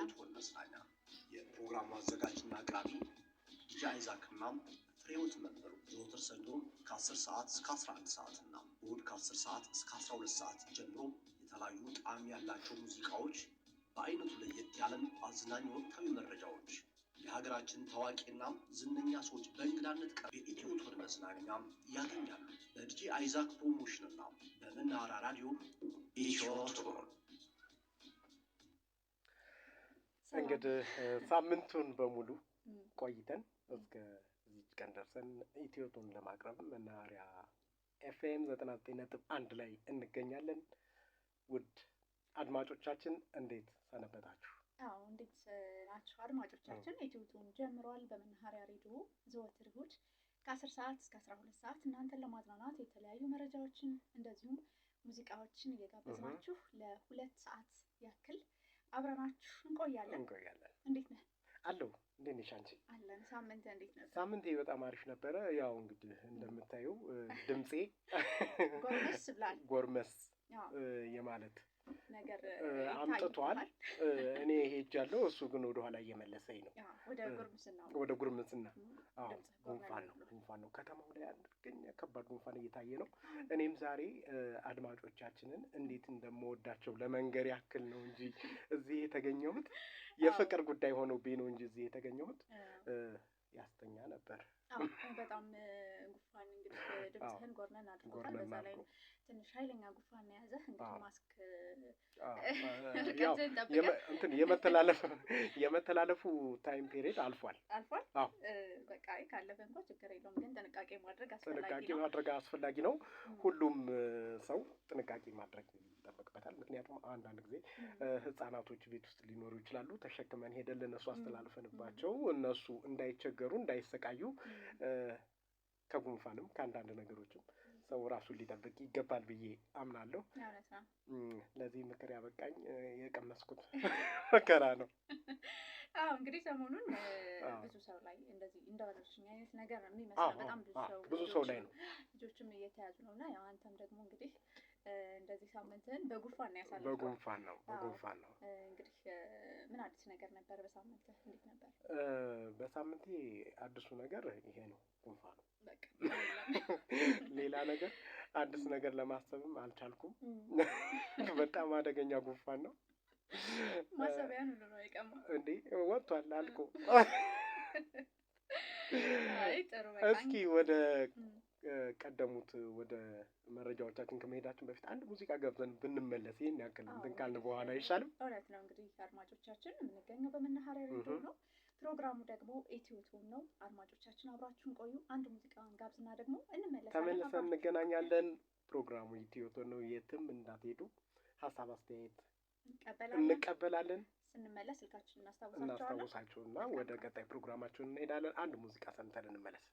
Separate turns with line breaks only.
ፉትቦል መዝናኛ። የፕሮግራሙ አዘጋጅና አቅራቢ ዲጂ አይዛክ እናም ፍሬህይወት መምህሩ። ዘወትር ሰኞ ከ10 ሰዓት እስከ 11 ሰዓት እና እሁድ ከ10 ሰዓት እስከ 12 ሰዓት ጀምሮ የተለያዩ ጣዕም ያላቸው ሙዚቃዎች፣ በአይነቱ ለየት ያለም አዝናኝ ወቅታዊ መረጃዎች፣ የሀገራችን ታዋቂና ዝነኛ ሰዎች በእንግዳነት ቀርበው የኢትዮ ፉትቦል መዝናኛ ያገኛሉ። በዲጂ አይዛክ ፕሮሞሽንና በመናራ ራዲዮ ኢትዮ ፉትቦል
እንግዲህ ሳምንቱን በሙሉ ቆይተን እስከ እዚች ቀን ደርሰን ኢትዮቶን ለማቅረብ መናኸሪያ ኤፍኤም ዘጠና ዘጠኝ ነጥብ አንድ ላይ እንገኛለን። ውድ አድማጮቻችን እንዴት ሰነበታችሁ?
አዎ እንዴት ናችሁ አድማጮቻችን? ኢትዮቱን ጀምሯል። በመናኸሪያ ሬዲዮ ዘወትር እሑድ ከአስር ሰዓት እስከ አስራ ሁለት ሰዓት እናንተን ለማዝናናት የተለያዩ መረጃዎችን እንደዚሁም ሙዚቃዎችን እየጋበዝናችሁ ለሁለት ሰዓት ያክል አብረናችሁ እንቆያለን እንቆያለን። እንዴት ነህ?
አለሁ። እንዴት ነሽ አንቺ?
አለን። ሳምንት እንዴት ነበር?
ሳምንቴ በጣም አሪፍ ነበረ። ያው እንግዲህ እንደምታየው ድምፄ
ጎርመስ ብሏል።
ጎርመስ የማለት አምጥቷል። እኔ ሄጃለሁ፣ እሱ ግን ወደኋላ እየመለሰኝ ነው። ወደ ጉርምስና ጉንፋን ነው ጉንፋን ነው። ከተማው ላይ አንደኛ ከባድ ጉንፋን እየታየ ነው። እኔም ዛሬ አድማጮቻችንን እንዴት እንደምወዳቸው ለመንገር ያክል ነው እንጂ እዚህ የተገኘሁት የፍቅር ጉዳይ ሆኖብኝ ነው እንጂ እዚህ የተገኘሁት ያስተኛ ነበር።
በጣም ጉንፋን እንግዲህ ድምፅህን ጎርነን
አድርጎታል። በዛ ላይ
ትንሽ ኃይለኛ ጉፋን የያዘ እንግዲህ ማስክ
የመተላለፉ ታይም ፔሪድ አልፏል
አልፏል። በቃ ካለፈ እንኳ ችግር የለውም፣ ግን
ጥንቃቄ ማድረግ አስፈላጊ ነው። ሁሉም ሰው ጥንቃቄ ማድረግ ይጠበቅበታል። ምክንያቱም አንዳንድ ጊዜ ህጻናቶች ቤት ውስጥ ሊኖሩ ይችላሉ። ተሸክመን ሄደን ለእነሱ አስተላልፈንባቸው እነሱ እንዳይቸገሩ እንዳይሰቃዩ ከጉንፋንም ከአንዳንድ ነገሮችም ሰው ራሱን ሊጠብቅ ይገባል ብዬ አምናለሁ። ለዚህ ምክር ያበቃኝ የቀመስኩት መከራ ነው።
አዎ እንግዲህ ሰሞኑን ብዙ ሰው ላይ እንደዚህ እንደወረርሽኝ አይነት ነገር የሚመስለው። በጣም ብዙ ሰው ብዙ ሰው ላይ ነው ልጆችም እየተያዙ ነው እና ያው አንተም ደግሞ እንግዲህ እንደዚህ ሳምንትን በጉንፋን ነው ያሳለፍኩት።
በጉንፋን ነው በጉንፋን ነው።
እንግዲህ ምን አዲስ ነገር ነበር በሳምንት እንዴት ነበር?
በሳምንቴ አዲሱ ነገር ይሄ ነው ጉንፋን ነው። ሌላ ነገር አዲስ ነገር ለማሰብም አልቻልኩም። በጣም አደገኛ ጉንፋን ነው።
ማሰቢያን ሁሉ ነው የቀማው
እንዴ? ወጥቷል አልቆ። እስኪ ወደ ቀደሙት ወደ መረጃዎቻችን ከመሄዳችን በፊት አንድ ሙዚቃ ገብዘን ብንመለስ ይህን ያክል እንትን ካልን በኋላ አይሻልም?
እውነት ነው። እንግዲህ አድማጮቻችን የምንገኘው በመናኸሪያ ሬዲዮ ነው። ፕሮግራሙ ደግሞ ኢትዮቱብ ነው። አድማጮቻችን አብራችሁን ቆዩ። አንድ ሙዚቃን ጋብዝና ደግሞ እንመለስ
ተመልሰን እንገናኛለን። ፕሮግራሙ ኢትዮቱብ ነው። የትም እንዳትሄዱ። ሀሳብ አስተያየት እንቀበላለን።
ስንመለስ ስልካችን
እናስታውሳቸውና ወደ ቀጣይ ፕሮግራማችሁን እንሄዳለን። አንድ ሙዚቃ ሰምተን እንመለስ።